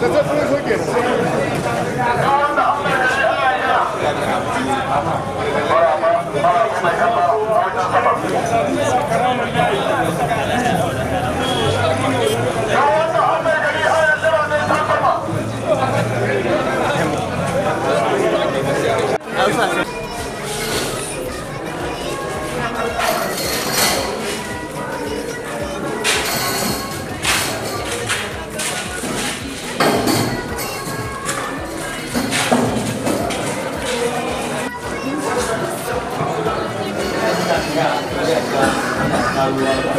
That's it for this weekend.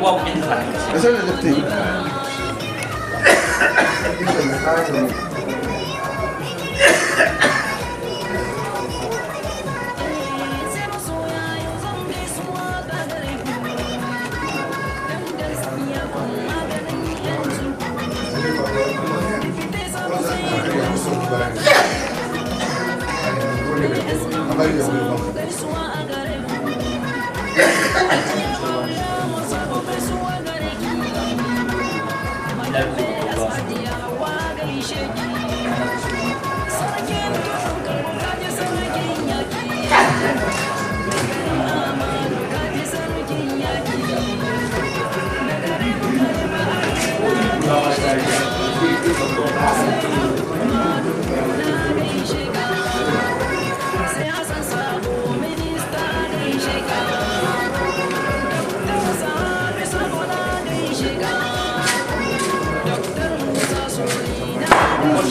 Eso es el Thank you.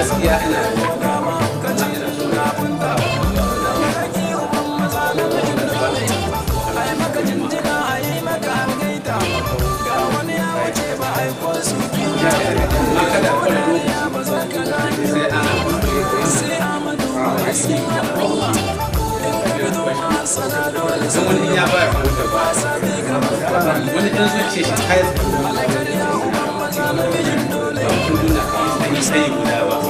gaskiya ina wani ya ba wani ɗan zuciya shi ta yi tsaye guda ba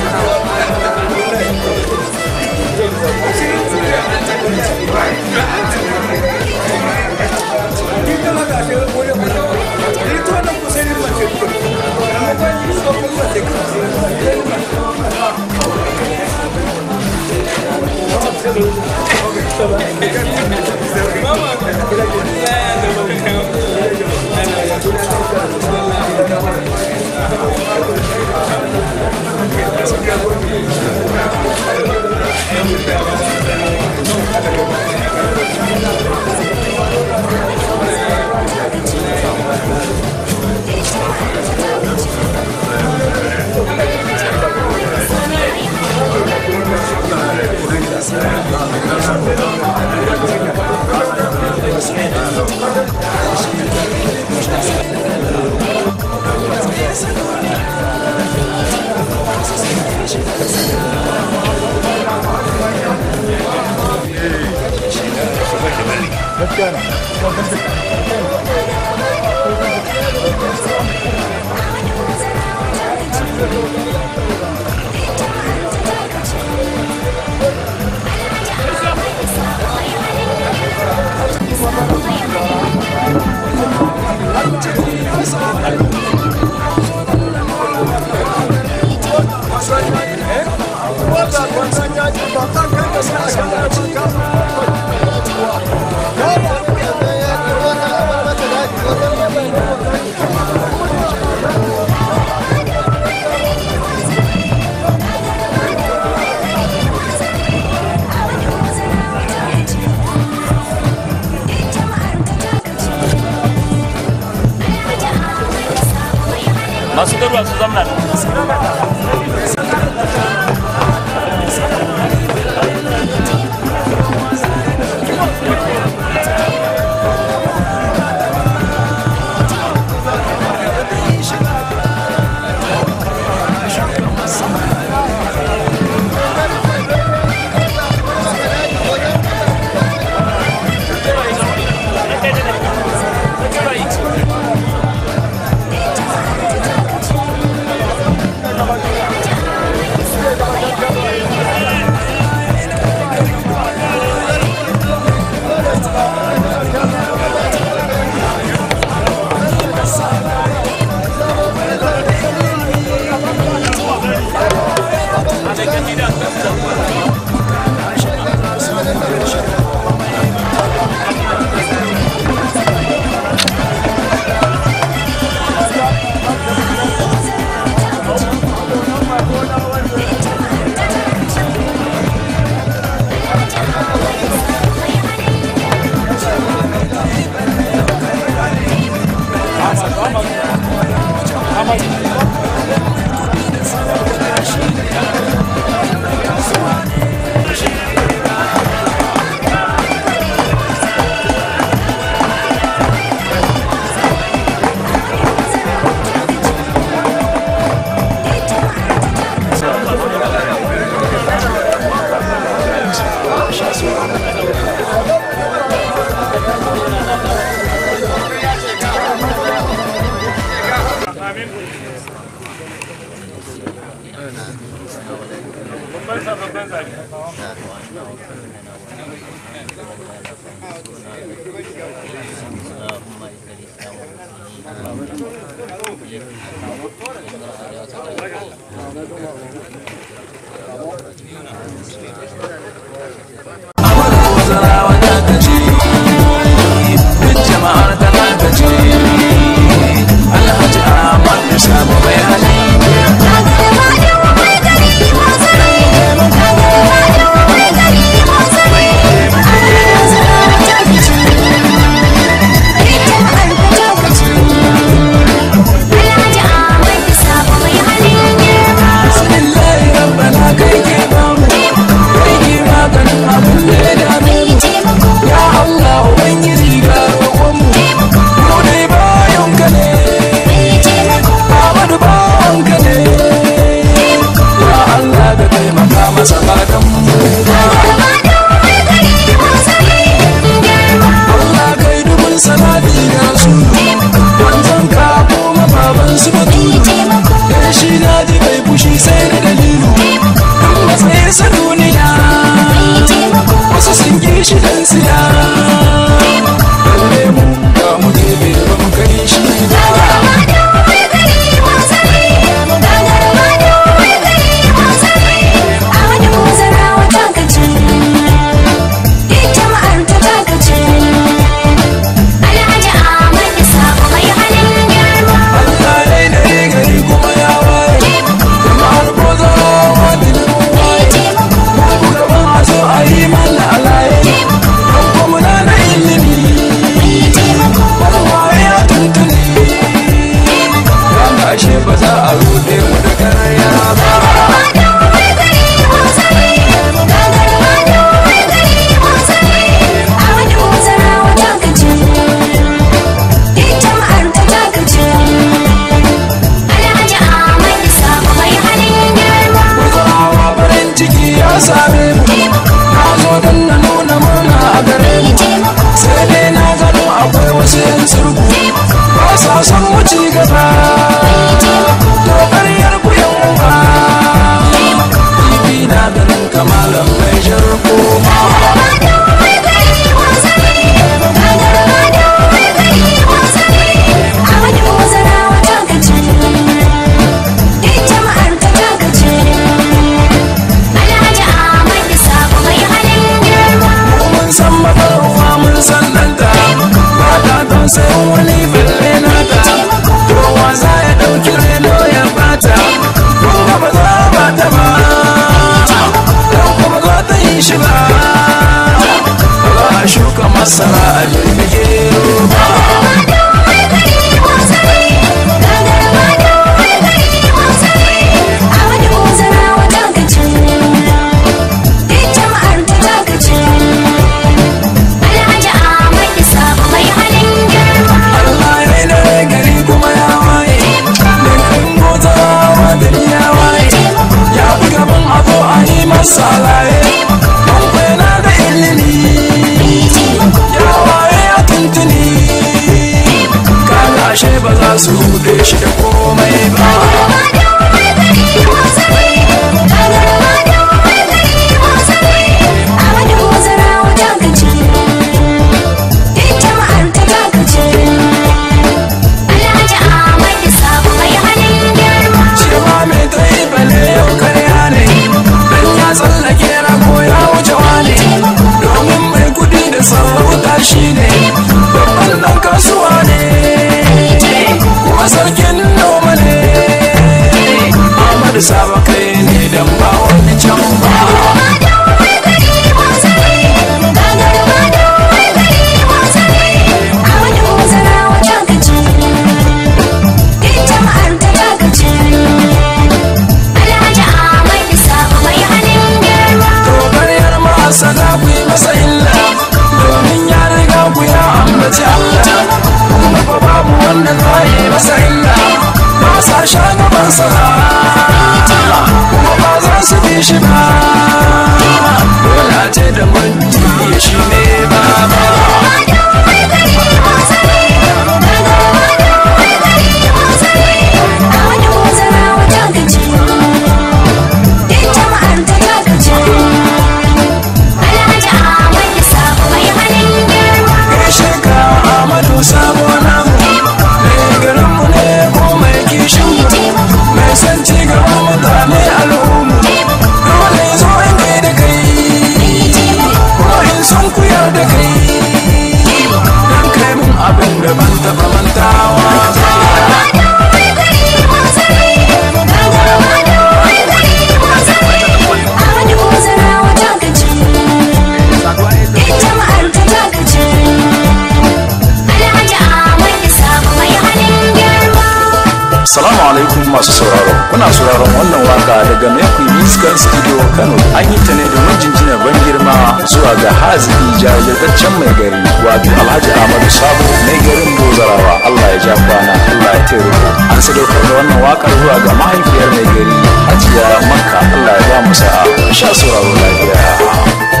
ta ne domin jinjina ban girma zuwa ga haziki jajirtaccen mai gari wato alhaji ahmadu sabo mai garin bozarawa allah ya ja kwana allah ya tere an sadaukar da wannan wakar zuwa ga mahaifiyar mai gari a hajiya makka allah ya ba mu sa'a sha sauraro lafiya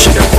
She got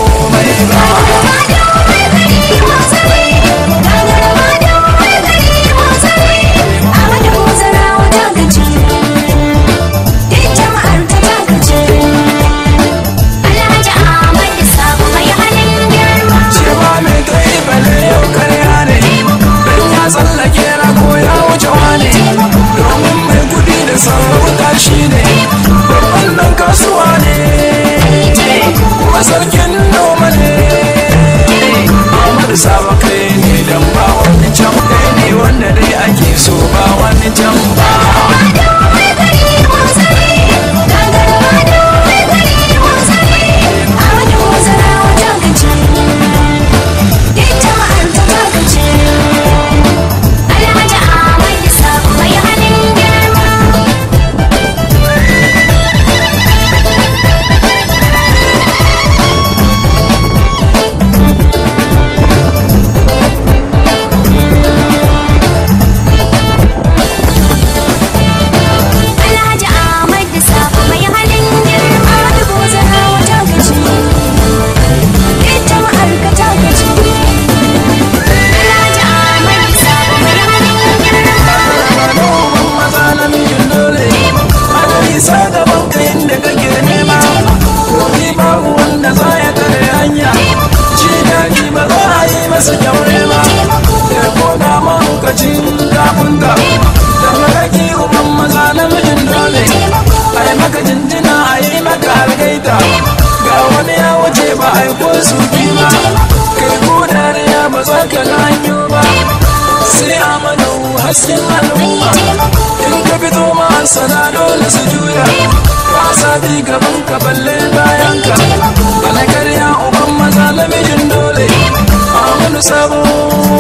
sabo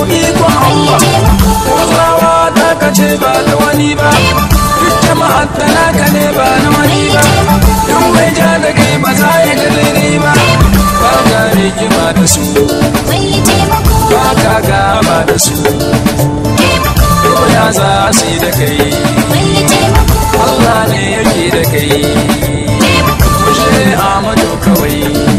iko Allah Kurzawa ta kace ba da wani ba Duk jama'ar na ne ba na wani ba Yan mai ja da kai ba za ya ga daidai ba Ba ka rigima da su Ba ka gama da su ya za su yi da kai Allah ne yake da kai Amadu kawai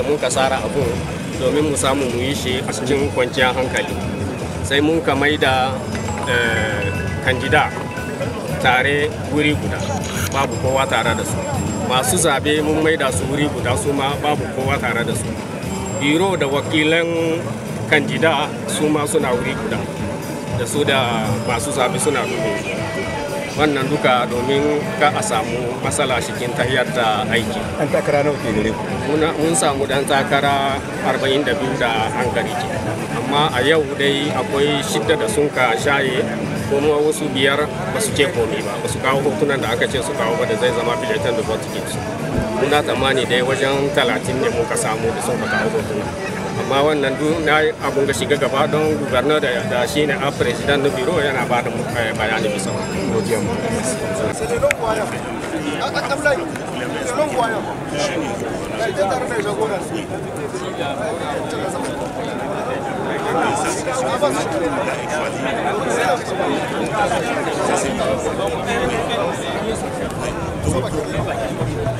da mun kasara tsara abu domin mu samu mu yi shi a cikin kwanciyar hankali sai mun ka mai da eh, kandida tare wuri guda babu kowa tare da su masu zabe mun mai da su wuri guda su ma babu kowa tare da su biro da wakilan kandida su ma suna wuri guda da su da masu zabe suna wuri wannan duka domin ka a samu matsala cikin tahiyar da aiki an takara nawa ke gare ku mun samu dan takara 42 da hankali ke amma a yau dai akwai shidda da sun ka shaye kuma wasu biyar ba su ce komi ba ba su kawo hotunan da aka ce su kawo ba da zai zama filetan da vote su muna tsammani dai wajen talatin ne muka samu da sun ka kawo hotuna amma wannan duk na abun ga shiga gaba don gubernar da shi ne a president da biro yana ba da eh, bayani bisa Thank you.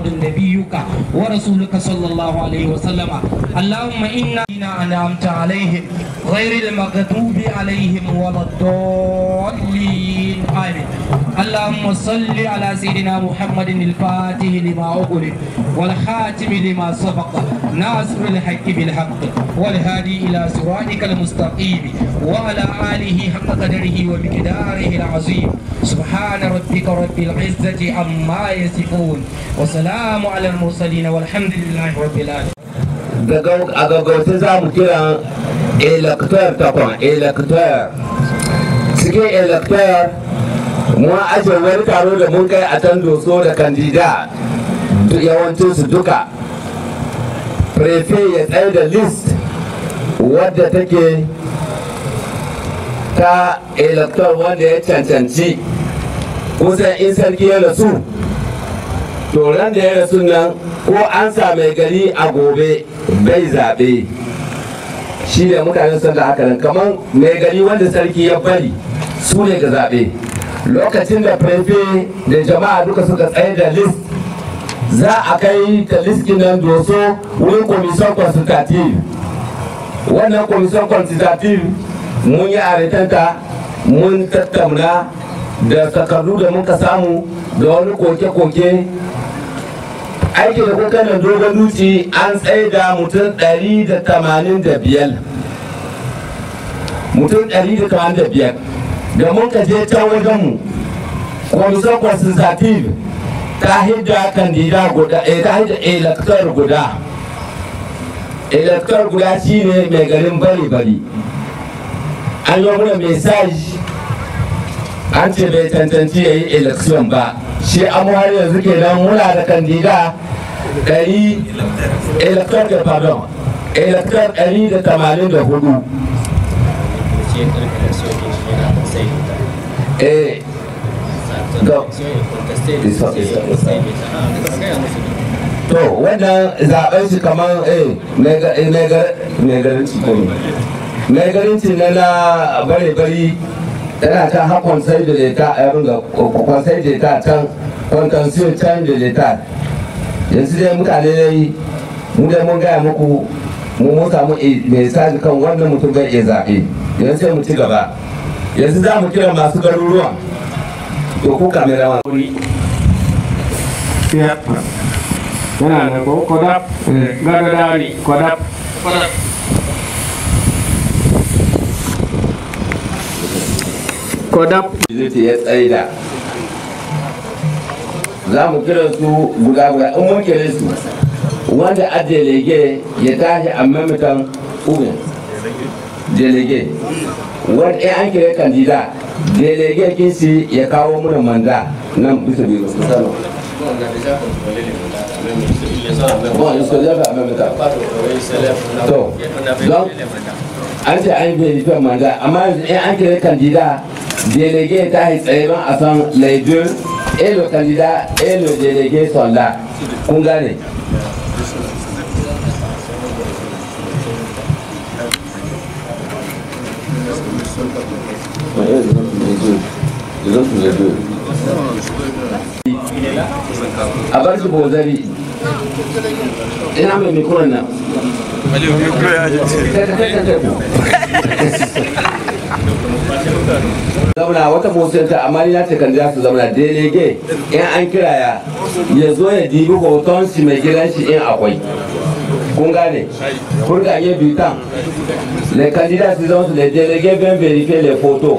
محمد نبيك ورسولك صلى الله عليه وسلم اللهم إنا أنعمت عليهم غير المغضوب عليهم ولا الضالين القائم اللهم صل على سيدنا محمد الفاتح لما أغلق والخاتم لما سبق ناصر الحق بالحق والهادي إلى صراطك المستقيم وعلى آله حق قدره ومقداره العظيم سبحان ربك رب العزة عما يصفون وسلام على المرسلين والحمد لله رب العالمين a gaggauta za mu kira elector takwan elector cikin mu aje wani taro da mun kai a can doso da kandida yawancin su duka prefe ya tsaye da list wadda take ta elector wanda ya cancanci kusan in sarki ya rasu to ran da ya rasu nan ko an mai gari a gobe bai zaɓe shi ne mutane sun da haka kamar mai gari wanda sarki ya bari su ne ga zaɓe lokacin da prefe da jama'a duka suka tsaye da list za a kai ta listin nan doso wurin commission consultative wannan commission consultative mun yi aretanta mun tattauna da takardu da muka samu da wani koke-koke aiki da kuka nan dogon duci an tsaye da mutum 185 mutum 185 da muka je ta wajenmu kwamisa consultative ta hidda kandida guda eh, ta hidda elector guda elector guda shine mai garin bali bali an yi muna message an ce bai tantanci ya yi election ba shi amma har yanzu nan, muna da kandida ɗari elector da pardon elector ɗari da tamanin da hudu to wannan zaben shi kamar eh mai eh, garanci ko na na bare yana ta hakon sai da leta eh, a yarin ga kwakwan da ta can kwantansiyo can da leta yanzu dai mutane ne mu dai mun gaya muku mu mun samu eh, mai saji kan wannan mutum bai iya zaɓe yanzu sai mu ci gaba yanzu za mu kira masu garuruwa to ku kamera wa wuri yana da ko kodap eh, gagadari kodap kodap zai ya tsaye da za mu kira su guda guda in mun kira su wanda ajiye lege ya tashi a mamitan ubin délégué ou est un candidat? candidat délégué un ya kawo muna mandat, non, vous non. bon a déjà à même temps donc ah, est mandat amma vous savez, un candidat délégué est à les deux et le candidat et le délégué sont là vous les autres les deux. A bar shi bozari, ina mai mikuran nan. Zauna wata motsinta a ni na takan su zauna delege in an kiraya ya zo ya dibi hoton shi mai gidan shi in akwai. kun gane pour gagner du temps les candidats ils ont les délégués viennent les photos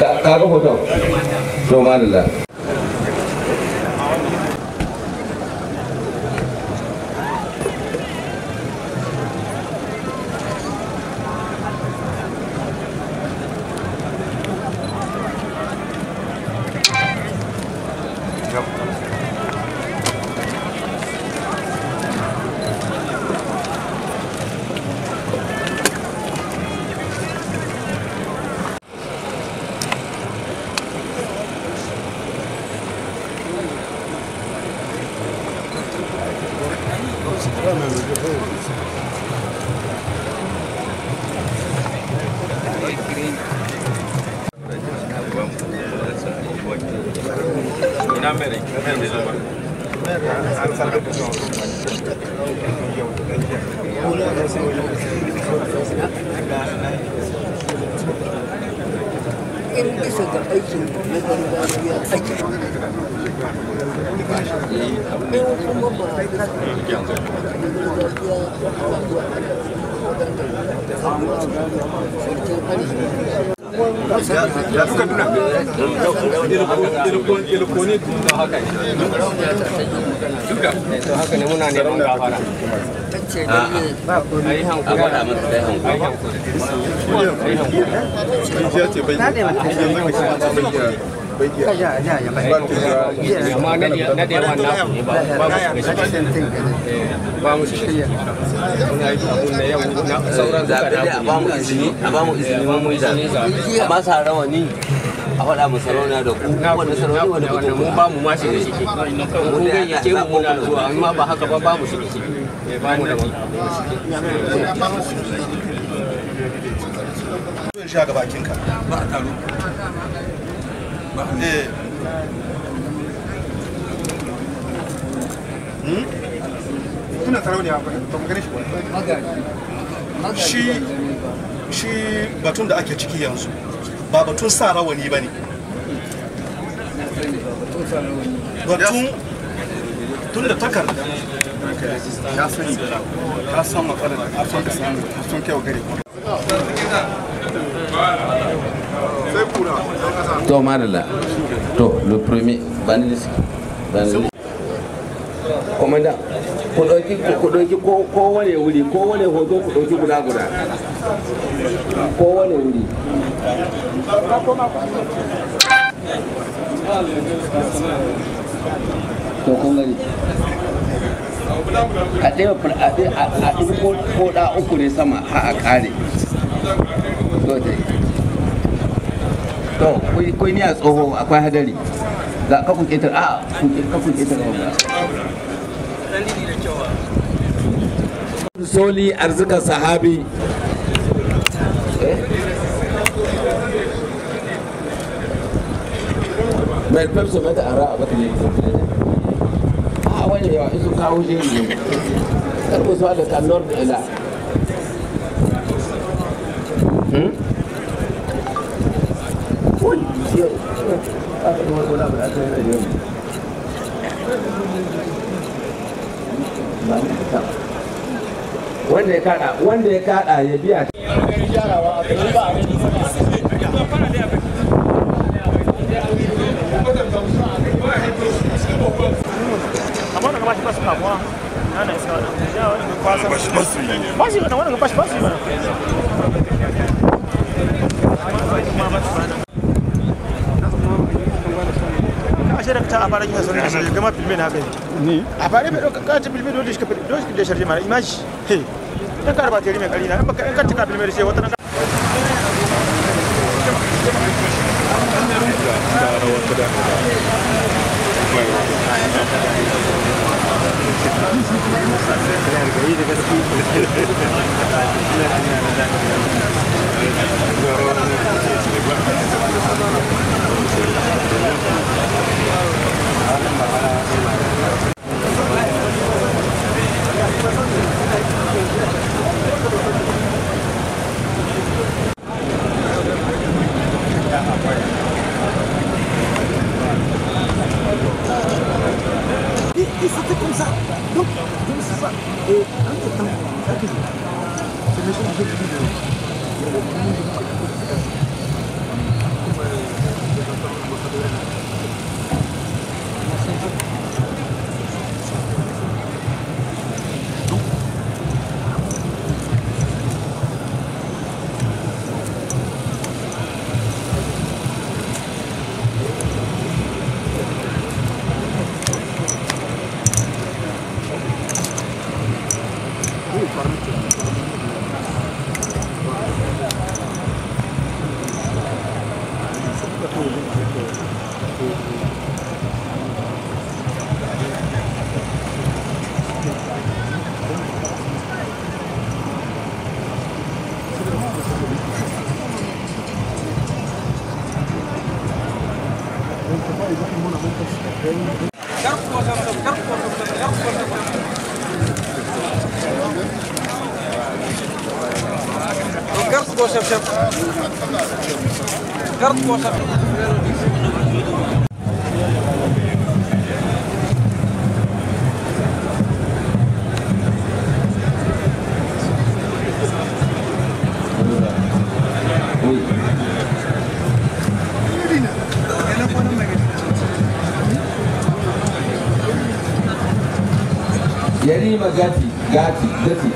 ka ga hoton to madalla muna neman gafara ba ko ai hankali ba da mun dai hankali ya ce bai ba mu shi eh, a ba mu izini a ba mu izini mu yi zaɓe a ba sa rawani a faɗa mu sarauna da ku wanda sarauna da ku mun ba mu ma da shi mun ga yake mu muna zuwa amma ba haka ba ba mu shi da shi eh, ba mu da ba a taro ba eh tuna hmm? sarauniya ba mu gane shi ba shi batun da ake ciki yanzu ba batun sa rawani ba ne batun tun da takarda ya sani ka san matsalar a son ka sami a son kyau gare to madalla to le premier banalist banalist komanda ku ɗauki kowane wuri kowane hoto ku ɗauki guda guda kowane wuri to kun a ɗaya a ɗin koda uku ne sama a ƙare to kai ni a tsoho akwai hadari za ka kun ƙetar a kun ƙetar ba سولي أرزك صحابي ما البيبسو ما تعرف أبغى تجيب؟ آه وين يا إيزو كاوجيني؟ أنا بس هذا كنور إلى. هم؟ وين؟ wanda ya kada wanda ya kada ya biya ta a fara kika sanar da shi gama filmin haka ne a fara bai ɗauka kacin shi ka da mara imaji kar ba teri mai kari na i m b a k n ka cika f i m a r shi wata nan Thank you. Et c'était comme Vamos Donc, comme ça. Et quand tu es dans la c'est les gens qui Yarima Gati, Gati, Gati.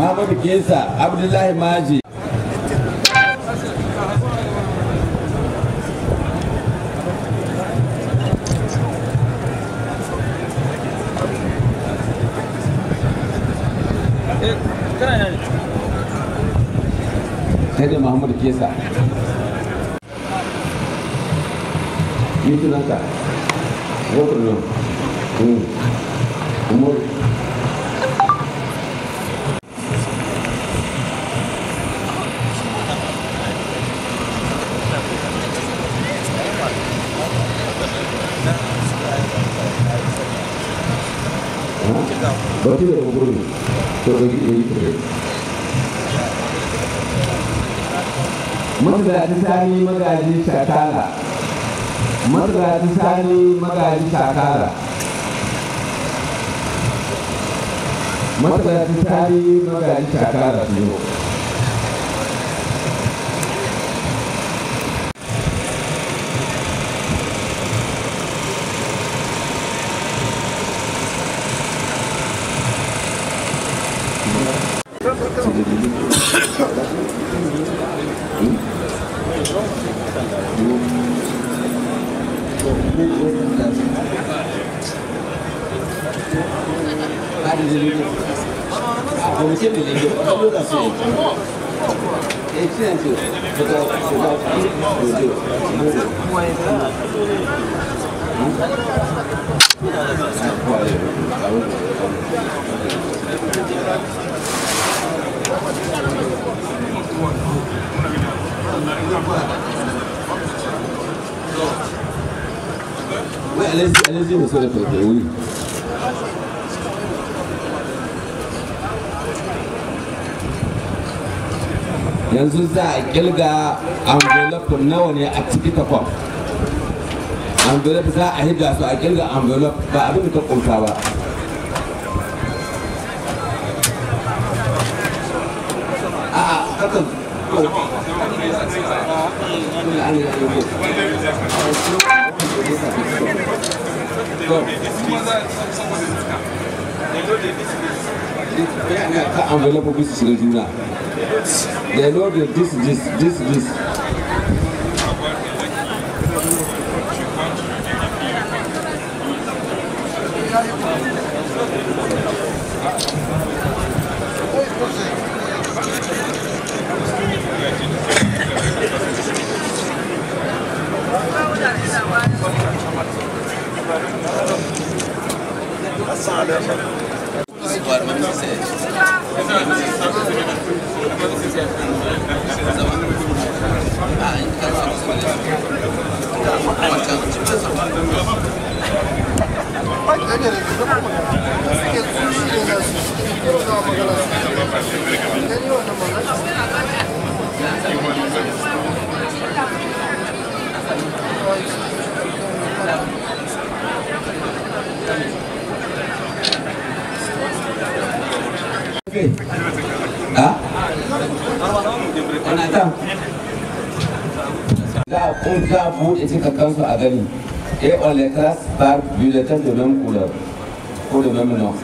Muhammadu Kesa Abdullahi Maji Sai da Muhammadu Kesa. battire ko ɓurmi to ɗo yiɗi yiɗire masalaci sani magaji shakala masalaci sani magaji shakala masalaci sani magaji shakala su yau dit, mais ça oui. yanzu za a kilga envelope nawa ne a ciki takwam envelope za a hidda su a kilga envelope ba abin ta kunta ba a'a kakan Yeah, yeah, available business review now. They know that this, this, this, this. par bulletin de même couleur pour même nom.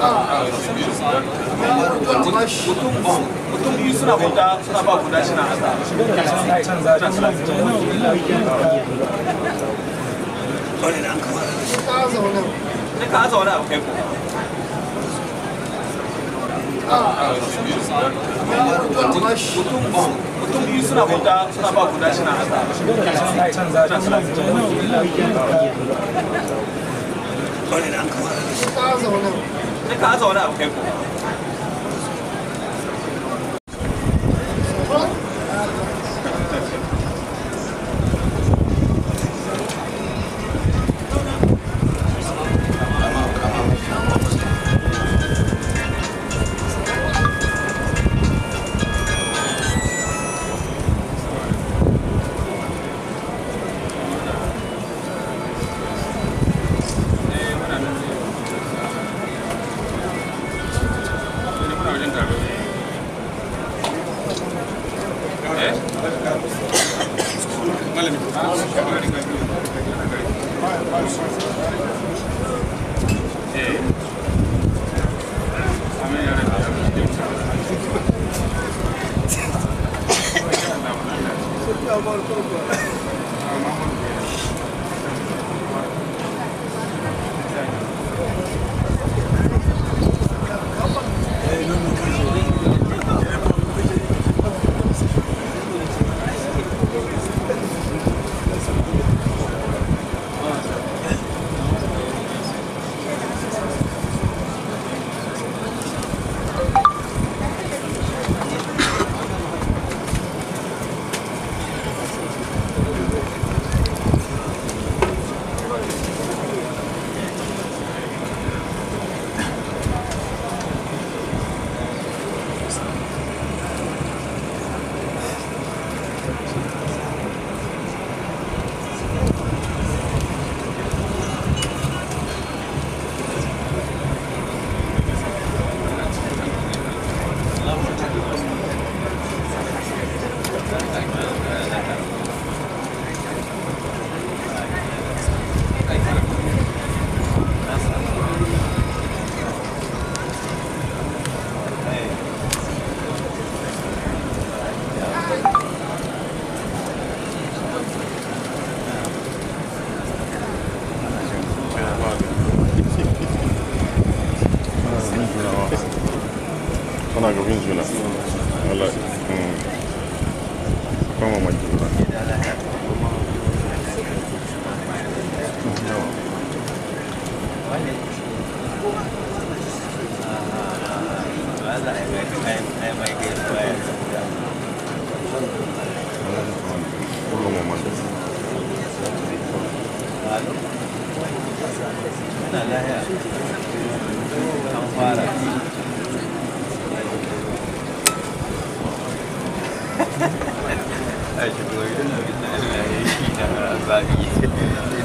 Ah, ah, oui. ne ka a kai ah, ah, ah, ne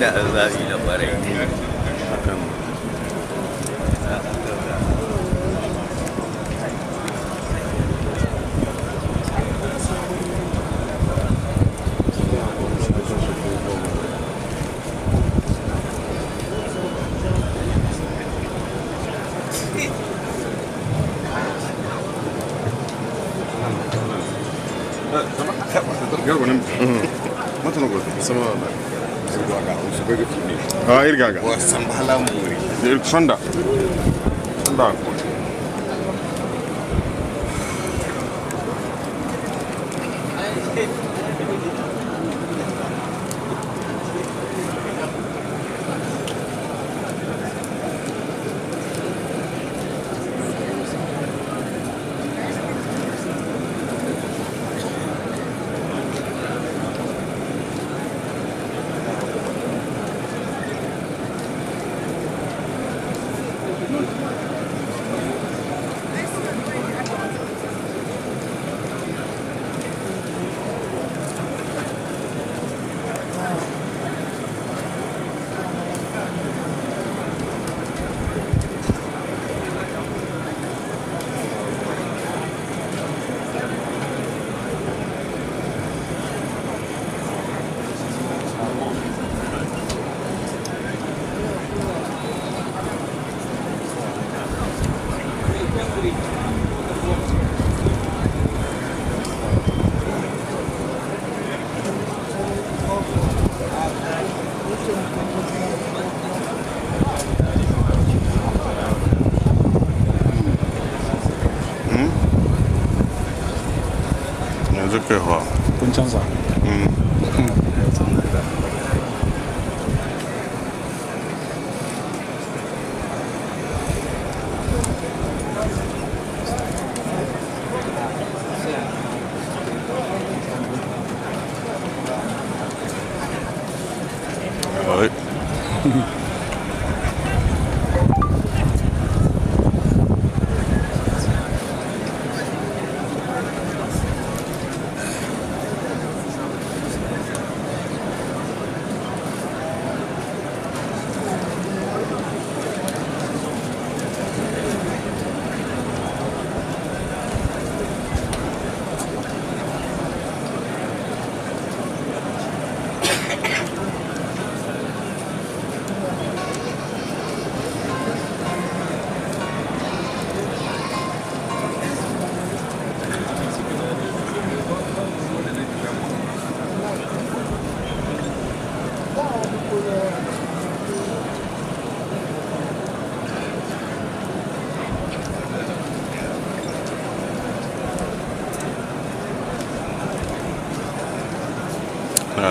Yeah. irgaga wa sambala muri sonda sonda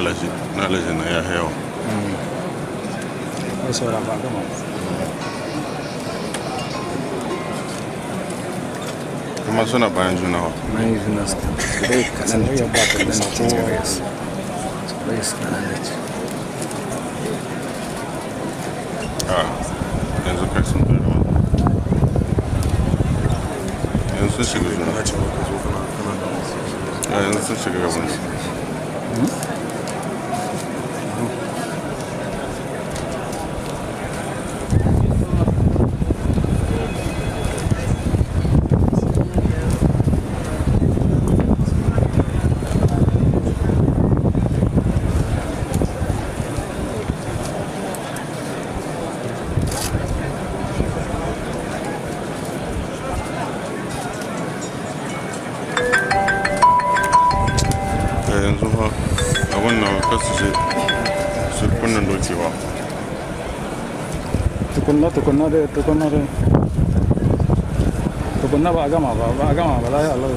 alaji na alaji na ya yawa kuma suna bayan juna wa bayan juna su kaɗan da ya ba kaɗan da ya ba kaɗan da ya തുക്കുന്നവർ തുക്കുന്നവർ തുക്കുന്ന ഭാഗമാവാം ഭാഗമാവാം അതായത് ഉള്ളത്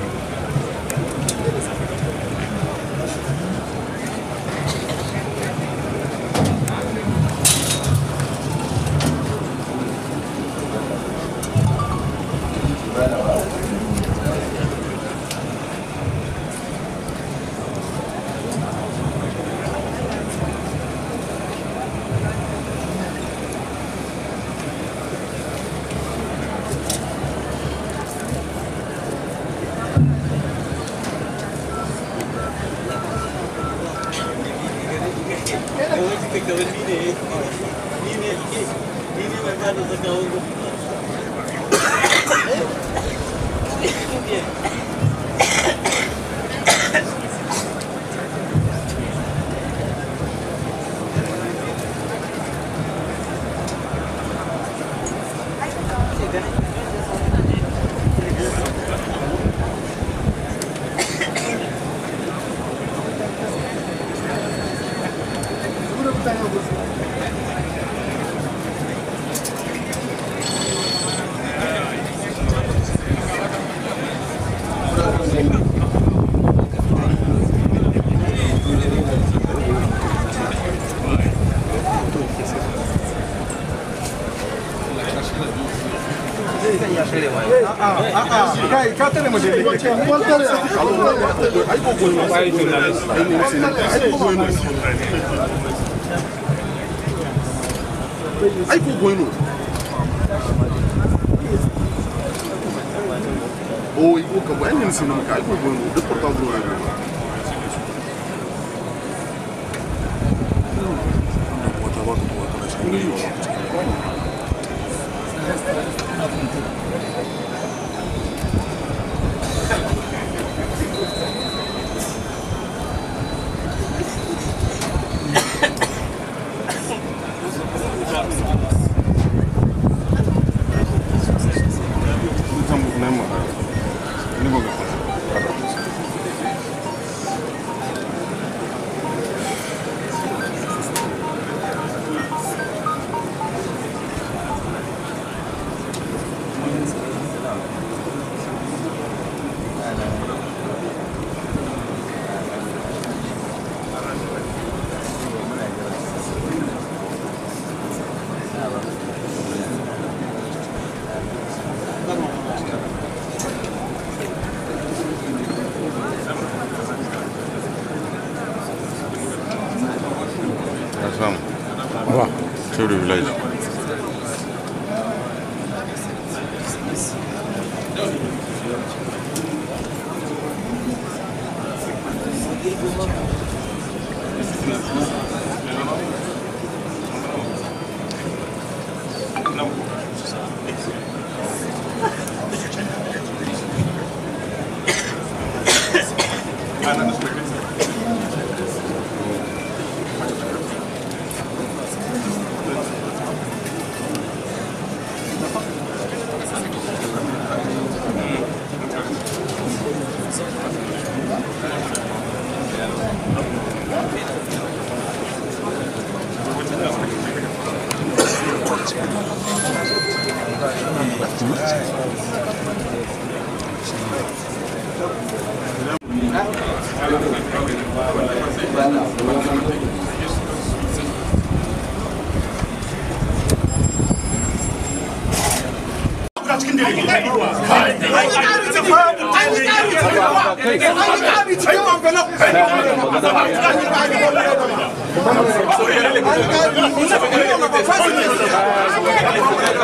काय का त्याने म्हणजे ऐकू गोयनू ou igual que é nem se não cai, porque o portal do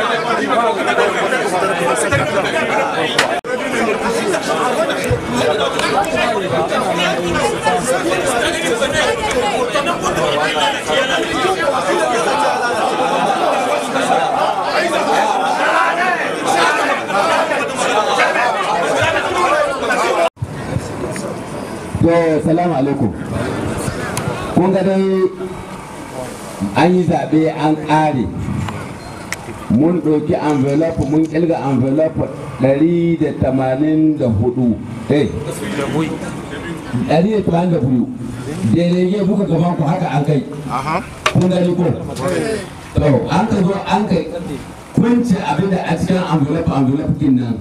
Dạ, salam alaikum kun ga dai an yi zaɓe an ƙare mun ɗauki envelope mun ƙirga envelope 184 da 182 delege buka gaban ku haka an kai kun gani ko to an ka zo an kai kun ce abin da a cikin envelope envelope din nan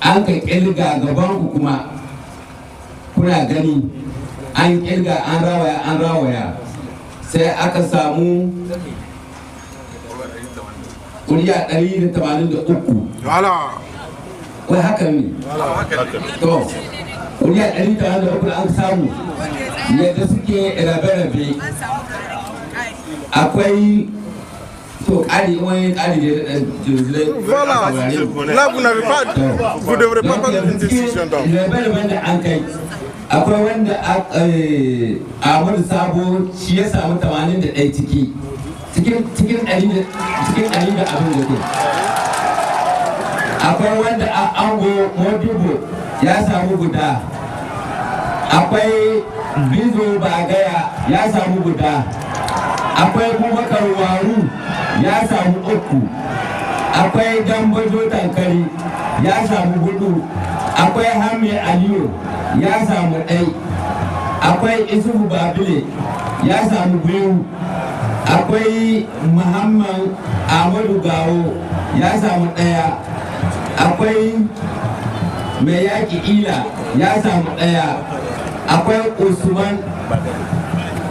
an kai ƙirga gaban ku kuma kuna gani an ƙirga an rawaya an rawaya sai aka samu kuri'a 183 wala wai haka ne Voilà. kuri'a 183 Voilà. samu yadda suke rabe-rabe akwai to kari wani kari eh, da eh, jirgile voilà là vous n'avez pas vous devrez pas prendre une décision donc Voilà. akwai wanda a eh, wani sabo shi ya samu 81 ciki cikin ɗari da abin da ke akwai wanda a ango modibo ya samu guda akwai bizo bagaya ya samu guda akwai bubakar waru ya samu uku akwai dambajo tankari ya samu hudu akwai hami aliyu ya samu ɗai akwai isufu babile ya samu biyu akwai muhammad ahmadu gawo ya samu ɗaya akwai mai yaƙi ila ya samu ɗaya akwai usman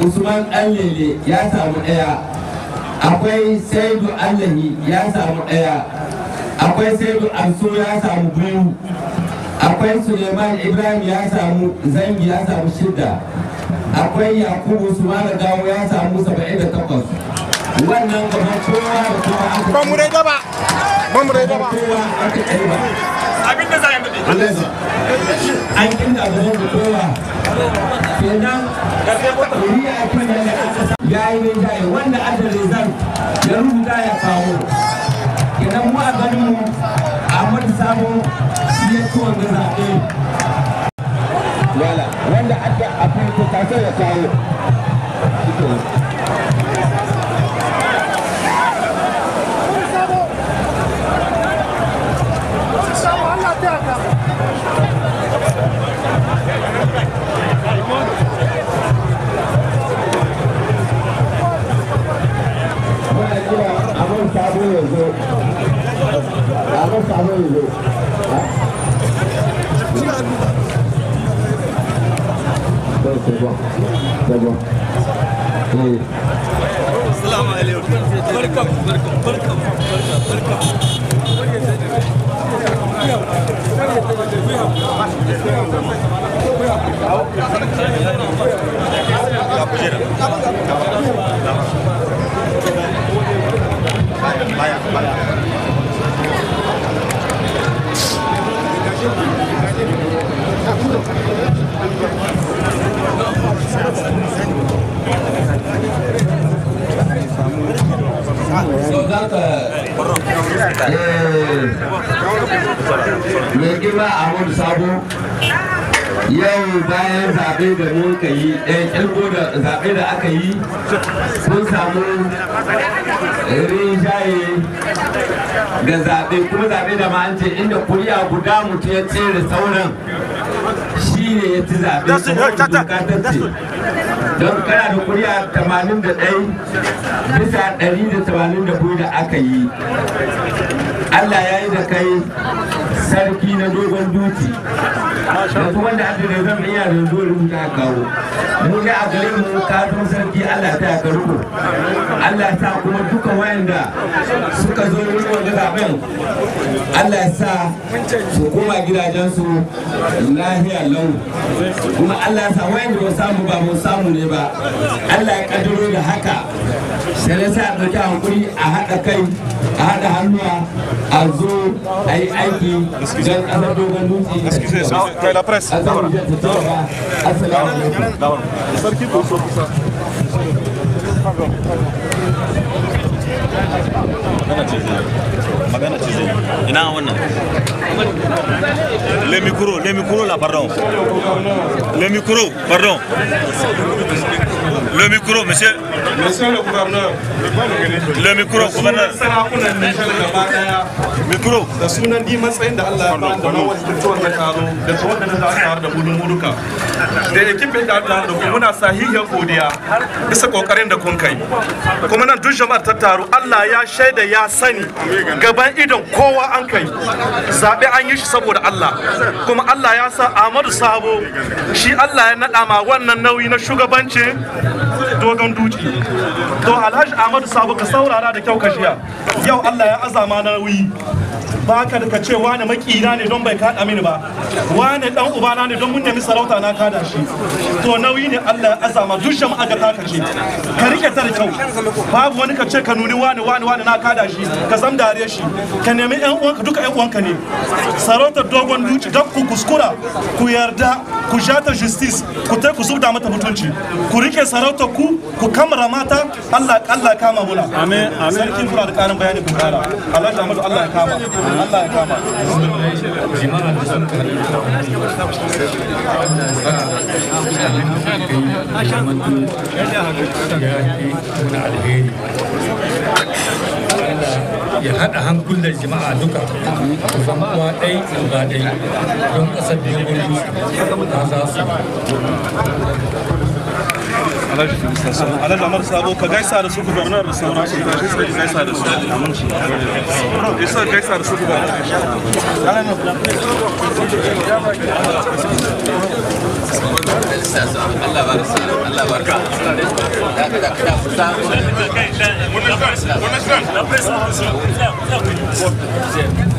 usman ɗanlele ya samu ɗaya akwai saidu allahi ya samu ɗaya akwai saidu ansu ya samu biyu akwai suleiman ibrahim ya samu zangi ya samu shidda akwai yakubu su ma da dawo ya samu 78 wannan gaba kowa da kowa aka ba mu dai gaba ba mu dai gaba kowa aka kai ba abin da za a yi Allah ya an kinda gaban da kowa kenan a kan da ya yi mai jaye wanda aka rezan ya rubuta ya kawo kenan mu a ganin mu a Sabo shi ya ci wanda zaɓe wala wanda adda abin ko kasa ya kawo Vamos, c'est bon. C'est bon. mai gima a sabo yau bayan zaɓe da muka yi ƙirgo eh, da zaɓe da aka yi sun samu rinjaye da zaɓe kuma zaɓe da ma'ance inda kuriya guda mutu ya tsere sauran shi ne ya ci zaɓe don kana da kuri'a 81 bisa 184 da aka yi Allah ya yi da kai sarki na dogon duti yanzu wanda aka da zan iya da zo rubuta kawo mu a akalin mu kafin sarki Allah ta ka Allah ta kuma duka wayanda suka zo rubu da zaben Allah ya sa su koma gidajensu lahiya lau kuma Allah ya sa wayanda ba samu ba mun samu ne ba Allah ya kaddaro da haka sai ya ta a ɗauki hankuri a haɗa kai haɗa hannuwa a zo a yi aiki don ƙasar dogon dutse a ƙasar magana ce zai ina wannan le micro le micro la pardon le micro pardon Le micro, monsieur. Monsieur le gouverneur. Le micro, gouverneur. sarakunan Nijar gaba daya. Micro. Da sunan di matsayin da Allah ya ba da na wajen na taro da ta wanda za a da gudun muruka. Da ekipin da ta da muna sahihiyar godiya bisa kokarin da kun kai. Kuma nan duk jama'ar ta taro Allah ya shaida ya sani gaban idon kowa an kai. Zaɓe an yi shi saboda Allah. Kuma Allah ya sa Ahmadu Sabo shi Allah ya naɗa ma wannan nauyi na shugabancin dogon duci to alhaji ahmadu sabu ka saurara da kyau ka shiya yau allah ya azama na nauyi ba ka da ce wane makina ne don bai kada mini ba wane dan ubana ne don mun nemi sarauta na kada shi to nauyi ne Allah ya azama duk jama'a ka ce ka rike ta da kyau babu wani ka ce ka nuni wane wane wane na kada shi ka zam dare shi ka nemi yan uwanka duka yan uwanka ne sarautar dogon duci don ku kuskura ku yarda ku jata justice ku ta ku zubda mata mutunci ku rike sarautar ku ku kamara mata Allah Allah kama muna amin amin sarkin fara da karin bayani ku kara Allah ya Allah ya kama Allah ya kama ya haɗa hankulan jama'a duka kusan kuwa ɗai ɗai don ƙasar da ya ta za su Alhaji Amar Sabo ka gaisa da su gubernar da su ka gaisa da su. gaisa da su Da da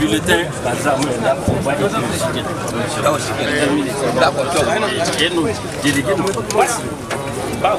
bulletin bazaamu là pour et pas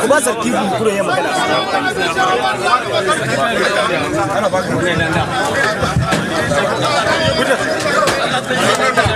kuma sarki kuro ya magana baka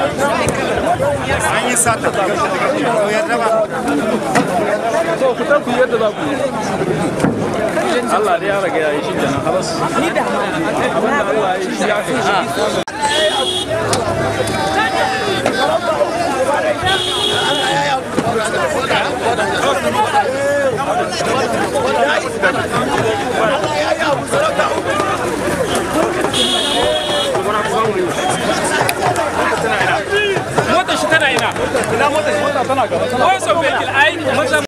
an yi sata ku yarda ba so ku ta ku Allah dai ya riga ya yi halas motar shi tana ina ina motar shi motar tana gaba tana